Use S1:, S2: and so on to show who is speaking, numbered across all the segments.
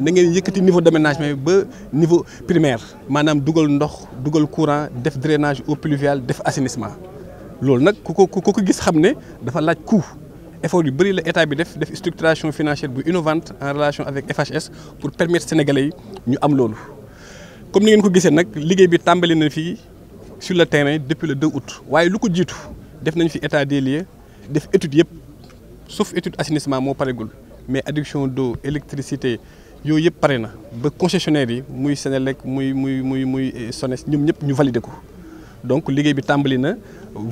S1: na ngeen niveau d'aménagement bi niveau primaire maanaam dugal ndox de courant def drainage eau pluviale def assainissement Ce ce ku ko ku c'est dafa laaj coût effort yu bëri la structuration financière innovante en relation avec FHS pour permettre aux sénégalais de ñu am comme vous le ko gisee nag liggéey bi sur le terrain depuis le 2 août ce lu ko def nañ fi état des études, def sauf étude d'assainissement mais adduction d'eau électricité yooyu yëpp pare na ba concessionnaire yi muy Senelec muy muy muy muy eh, SONES ñoom ñëpp ñu valider ko donc liggéey bi tàmbali na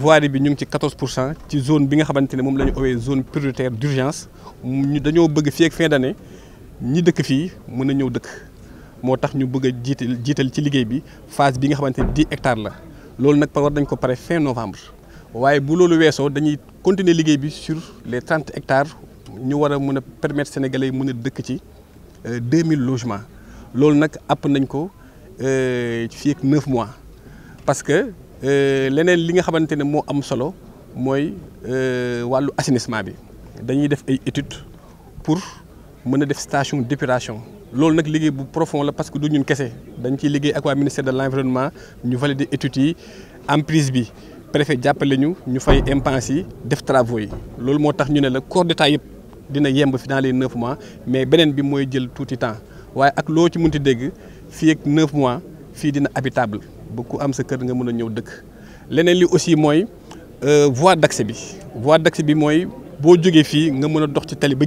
S1: voirie bi ñu ngi ci 14 pour cent ci zone bi nga xamante ne moom la ñu owee zone prioritaire d'urgence ñu dañoo bëgg fii ak fin d'année ñi dëkk fii mën a ñëw dëkk moo tax ñu bëgg a jiital jiital ci liggéey bi phase bi nga xamante ne 10 hectares la loolu nag war nañ ko pare fin novembre waaye bu loolu weesoo dañuy continuer liggéey bi sur les 30 hectares ñu war a mën a permettre sénégalais yi mën a dëkk ci 2000 logements L'ol nak àpp nañ ko euh, fii ak 9 mois parce que euh, leneen li nga xamante ne moo am solo mooy euh, walu assainissement bi dañuy def ay études pour mën des def station d'épuration L'ol nak ligue bu profond la parce que du ñun kese dañ ciy liggéey ak ministère de l'environnement ñu valider études yi prise bi préfet jàppale ñu ñu fay impenses yi def travaux yi loolu moo tax ñu ne la corps d'état yëpp dina yemb fi dans mois mais il bi moy jël touti temps waye ak lo ci munti 9 mois fi dina habitable gens. am sa keur nga meuna ñew li aussi euh voie d'accès bi voie d'accès bi vous bo joggé fi nga meuna dox ci tali ba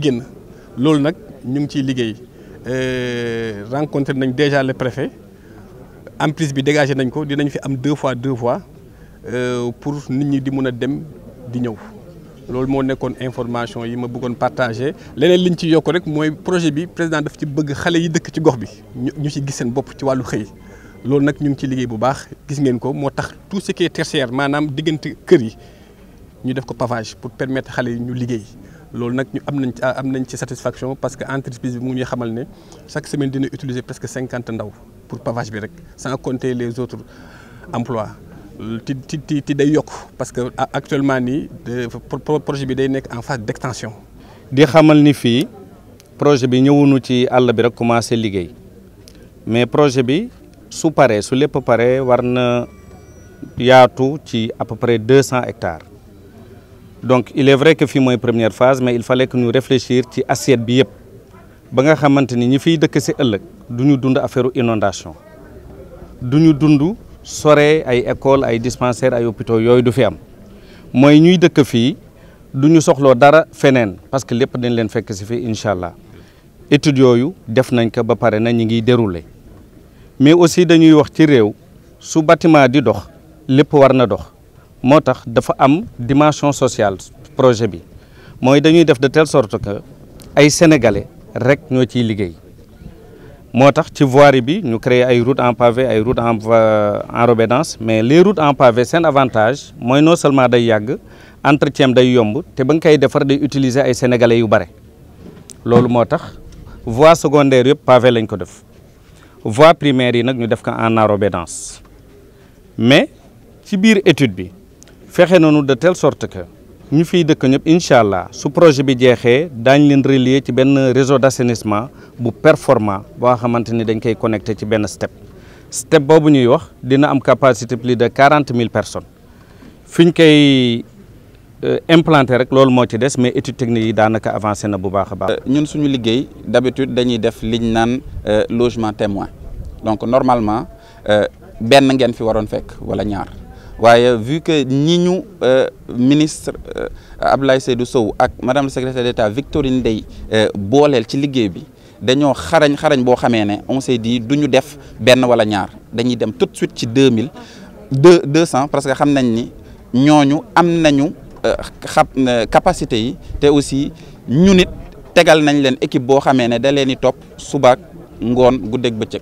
S1: euh, rencontré déjà le préfet bi dégagé nañ ko deux fois deux voies euh, pour nit ñi di loolu mo nekkone information yi ma leneen projet bi président daf ci bëgg xalé yi dëkk ci gox bi ñu ci gis seen bopp ci tout ce qui est tertiaire manam kër pavage pour permettre xalé yi ñu liggéey une satisfaction parce que entreprise bi chaque semaine dina utiliser presque 50 ndaw pour pavage sans compter les autres emplois euh, ti ti ti day parce que actuellement ni projet bi day nek en phase d'extension.
S2: di xamal ni fi projet bi ñëwunu ci àll bi rek commencé liguey mais projet bi su paré su lepp paré warna yaatu ci à peu près 200 hectares donc il est vrai que fi moy première phase mais il fallait que nous réfléchir ci assiette bi yépp ba nga xamanteni ñi fi dëkk ci ëllëg duñu dund affaire inondation duñu dundu sore ay école ay dispensaire ay hôpitaux yooyu du fi am mooy ñuy dëkk fii du ñu soxloo dara feneen parce que lépp dañ leen fekk si fii incha allah études yooyu def nañ ko ba pare nañ ñu ngi dérouler mais aussi dañuy wax ci réew su bâtiment di dox lépp war na dox moo tax dafa am dimension sociale projet bi mooy dañuy def de telle sorte que ay sénégalais rek ñoo ciy liggéey motax tu ci voirie bi ñu créé ay routes en pavé ay routes en enrobédance, mais les routes en pavé c'est un avantage moy non seulement day yags, entretien day yomb té ba kay défar day utiliser ay sénégalais yu baré lolu motax voie secondaire yëpp pavé lañ ko def voie primaire yi nag ñu def ko en enrobédance mais ci biir étude bi fexé nañu de telle sorte que ñu fi dëkk ñëpp inshallah su projet bi jéxé dañ leen relier ci ben réseau d'assainissement bu performant boo xamante dañ koy connecter ci ben step step bobu ñuy wax dina am capacité plus de quarante mille personnes fiñ ñu koy euh, implanter rek lool mo ci dess mais étude technique yi daanaka avancé na bu baax a baax. Euh,
S3: ñun suñu liggéey d'habitude dañuy def liñ naan euh, logement témoin donc normalement ben ngeen fi waroon fekk wala ñaar waaye vu que ñi euh, ministre euh, Abdoulaye Seydou Sow ak madame la secrétaire d'État Victorine Ndeye euh, booleel ci liggéey bi dañoo xarañ xarañ boo on s'est dit du ñu def benn wala ñaar dañuy dem tout de suite ci 2000, mille parce que xam nañ ni ñooñu am nañu euh, capacité yi aussi ñu nit tegal nañ leen équipe bo xamé né da leen di topp subaak ngoon guddeeg bëccëg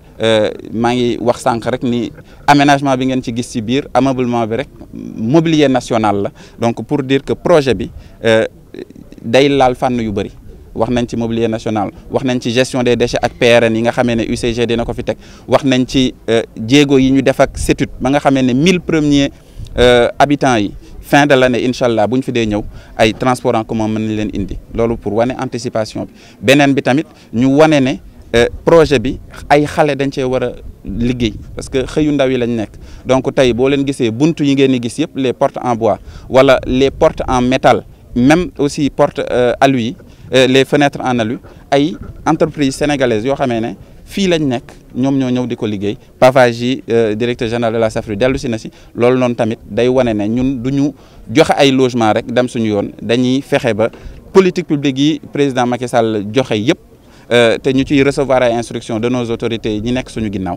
S3: Euh, maa ngi wax rek ni aménagement bi ngeen ci gis ci biir ameublement bi rek mobilier national la donc pour dire que projet bi euh, day laal fann yu bari wax nañ ci mobilier national wax nañ ci gestion des déchets ak PRN yi nga xamé né UCG dina ko fi teg wax nañ ci euh, jéego yi ñu def ak CETUD ba nga xamé né mille premiers habitants yi fin de l'année inshallah buñ fi dé ñew ay transport en commun mën leen indi lolu pour wané anticipation bi benen bi tamit ñu wané né euh, projet bi ay xalé dañ ci wara liguey parce que xeyu ndaw yi lañ nek donc tay bo leen gisee buntu yi ngeen gis les portes en bois wala les portes en métal même aussi porte euh, alu euh, les fenêtres en alu ay entreprises sénégalaises yo xamé né fi lañ nek ñom ñoo ñew diko liguey directeur général de la SAFRU dellu si na si loolu noonu tamit day wone né ñun duñu joxe ay logement rek dem suñu yoon dañuy fexé ba politique publique yi président Macky Sall joxe euh, te ñu ciy recevoir ay instructions de nos autorités ñi nekk suñu nous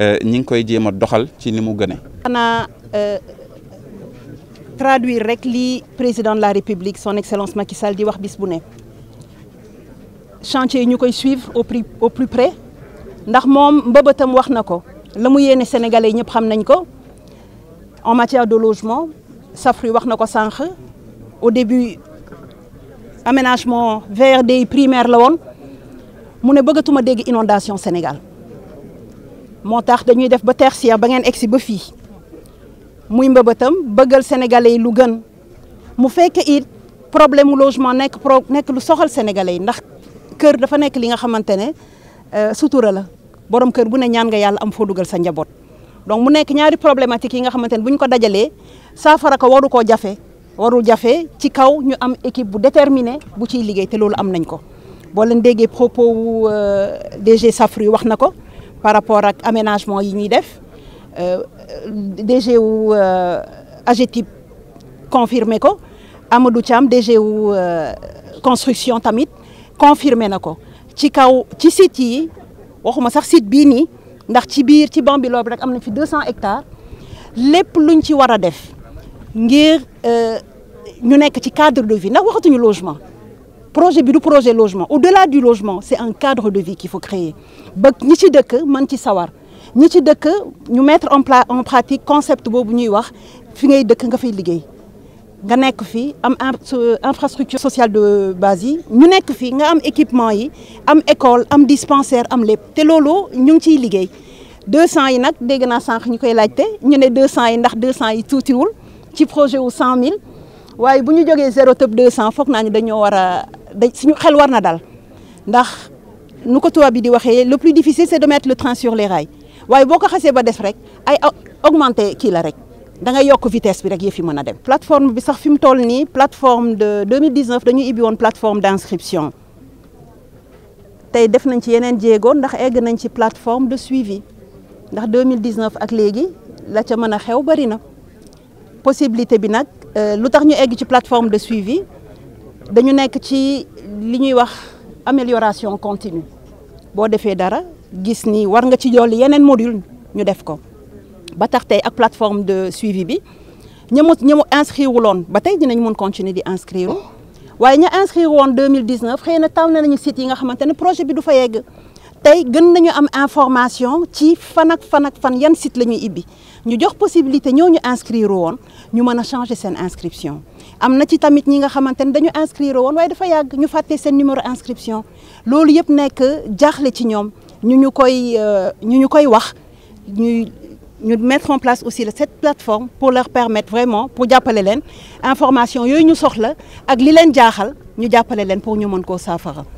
S3: euh, ñi ngi koy jéem a doxal ci ni mu gënee.
S4: xanaa euh, traduire rek li président de la république son excellence Macky Sall di wax bis bu ne chantier yi ñu suivre au prix, au plus près ndax moom mbëbëtam wax na ko la que les sénégalais ñëpp xam nañ ko en matière de logement Safri wax dit ko au début aménagement VRD primaire la woon mu ne des inondations au Sénégal moo tax dañuy def ba tertiaire ba ngeen ba muy sénégalais yi lu gën mu fekk it problème logement nekk pro nekk lu soxal sénégalais yi ndax kër dafa nekk li nga xamante ne euh, sutura la borom kër bu ne ñaan nga yàlla am foo dugal sa donc mu nekk ñaari problématique nga xamante ne ko waru ci kaw ñu équipe déterminée bu ciy liggéey boo leen déggee propos wu euh, DG Safru wax par rapport ak aménagement yi ñuy def euh, DG wu euh, AGETIP confirmé ko Amadou Thiam DG construction tamit confirmé na ko ci kaw ci site yi waxuma sax site bii nii ndax ci biir ci Bambilor bi rek am fi 200 hectares lépp luñ ci war a def ngir ñu nekk ci cadre de vie ndax waxatuñu logement projet projet logement au-delà du logement c'est un cadre de vie qu'il faut créer Ni ñi ci mettre en pratique en pratique concept bobu ñuy wax fi ngay nga infrastructure sociale de base yi ñu am équipement yi am école am dispensaire am ñu ngi 200 yi dégg koy ne 200 yi ndax projet zéro 200 foog faut que dañoo dañ suñu xel war na dal ndax nu ko bi di waxee le plus difficile c'est de mettre le train sur les rails waaye boo ko xasee ba def rek ay augmenter kii la rek da ngay yokk vitesse bi rek yëf yi mën dem. plateforme bi sax fi mu toll plateforme de 2019 dañu ibbi woon plateforme d'inscription tey def nañ ci yeneen jéego ndax egg nañ ci plateforme de suivi ndax 2019 ak léegi la ca mën a xew bari na possibilité bi nag euh, lu tax ñu egg ci plateforme de suivi. dañu nekk ci li ñuy wax amélioration continue boo defee dara gis ni war nga ci dolli yeneen module ñu def ko ba tax tey ak plateforme de suivi bi ña mu ña mu inscrire wuloon ba tey dinañ mun continuer di inscrire waaye ña inscrire woon 2019 xëy na taw na nañu site yi nga xamante ne projet bi du fa yegg tey gën nañu am information ci fan ak fan ak fan yan site lañu ibbi ñu jox possibilité ñoo ñu inscrire won ñu mëna changer seen inscription amna ci tamit ñi nga xamantene dañu inscrire won waaye dafa yag ñu faté seen numéro inscription lolu yëp nek jaxlé ci ñom ñu ñu koy euh, ñu ñu koy wax ñuy ñu mettre en place aussi cette plateforme pour leur permettre vraiment pour jappalé leen information yoy ñu soxla ak li leen jaxal ñu jappalé leen pour ñu mën ko saafara